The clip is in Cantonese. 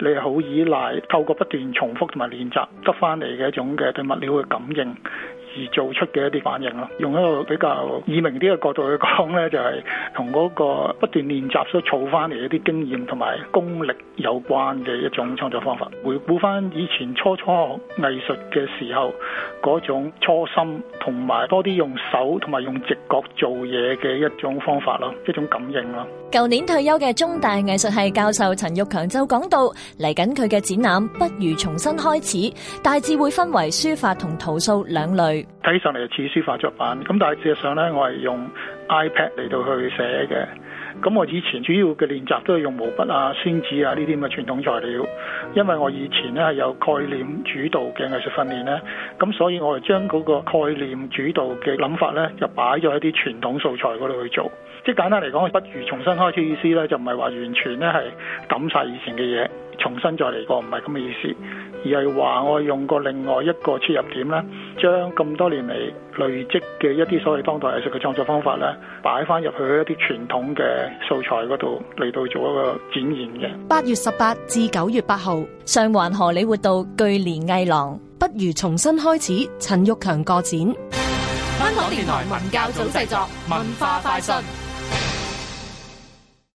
你係好依賴透過不斷重複同埋練習得翻嚟嘅一種嘅對物料嘅感應。而做出嘅一啲反應咯，用一個比較耳明啲嘅角度去講咧，就係同嗰個不斷練習所儲翻嚟一啲經驗同埋功力有關嘅一種創作方法。回顧翻以前初初學藝術嘅時候嗰種初心，同埋多啲用手同埋用直覺做嘢嘅一種方法咯，一種感應咯。舊年退休嘅中大藝術系教授陳玉強就講到嚟緊，佢嘅展覽不如重新開始，大致會分為書法同圖素兩類。睇上嚟似書法作品，咁但係事實上呢，我係用 iPad 嚟到去寫嘅。咁我以前主要嘅練習都係用毛筆啊、宣紙啊呢啲咁嘅傳統材料，因為我以前呢係有概念主導嘅藝術訓練呢。咁所以我就將嗰個概念主導嘅諗法呢，就擺咗喺啲傳統素材嗰度去做。即係簡單嚟講，我不如重新開始意思呢，就唔係話完全呢係抌晒以前嘅嘢。重新再嚟過，唔係咁嘅意思，而係話，我用過另外一個切入點咧，將咁多年嚟累積嘅一啲所謂當代藝術嘅創作方法咧，擺翻入去一啲傳統嘅素材嗰度嚟到做一個展現嘅。八月十八至九月八號，上環荷里活道巨年藝廊，不如重新開始陳玉強個展。香港電台文教組製作，文化快訊。